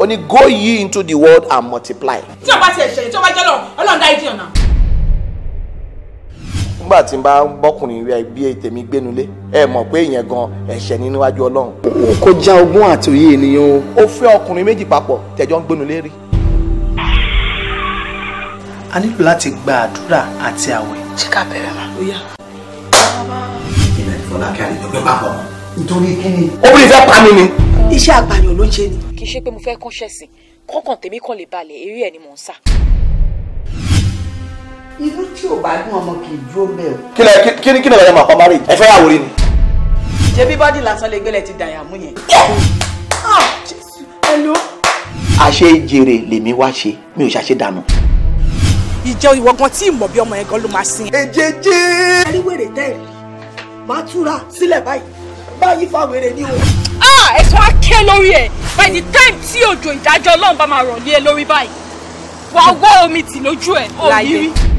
ó ní go ye into the world and multiply. tí ọba ti ẹ̀ṣẹ̀ tí ọba jẹ́ lọ́wọ́ ọlọ́run dá ìdí ọ̀nà. nígbà tí n bá bọ́kùnrin rẹ bí ètèmí gbénulé ẹ mọ̀ pé ìyẹn gan ẹ̀ṣẹ̀ ní níwájú ọlọ́run. kò já ogún àti òye ènìyàn o. ó fẹ́ ọkùnrin méjì papọ̀ tẹ̀jọ́ ń gbénulé rí. a nílò láti gba àdúrà àti àwẹ̀. ṣé ká bẹ̀rẹ̀ mà lóyà. ìbẹ̀rẹ̀ fọlákẹ́ àlejò gbé papọ̀ nítorí kíni iṣẹ́ àgbàyàn ló ń ṣe ni. kì í ṣe pé mo fẹ́ kánṣẹ́ sí kọ́kàn tèmi kan lè balẹ̀ eré ẹ̀ ni mò ń sá. inú tí ò bá dún ọmọ kì í dúró mẹ́ o. kí lẹ kí ni kí ni ẹ̀rọ màpá márì ẹ fẹ́ àwòrán ni. jẹbi bọ́dì lásán lè gbélé ti dàyàmú yẹn. Ah, àṣé jèrè lèmi wá ṣe mi ò ṣàṣe dànù ìjẹ́ ìwọ gan tí ìmọ̀ bí ọmọ yẹn gan ló máa sin. èjèjì. ẹ̀rí wèrè tẹ́ ẹ̀ máa túra sílẹ̀ báyìí báyìí fàwérè ni o. ah ẹ̀sùn akẹ́ lórí ẹ̀ by the time tí òjò ìdájọ́ ọlọ́run bá máa rọ̀ lé ẹ lórí báyìí wàá wọ́ omi tì lójú ẹ̀ òyìnbí.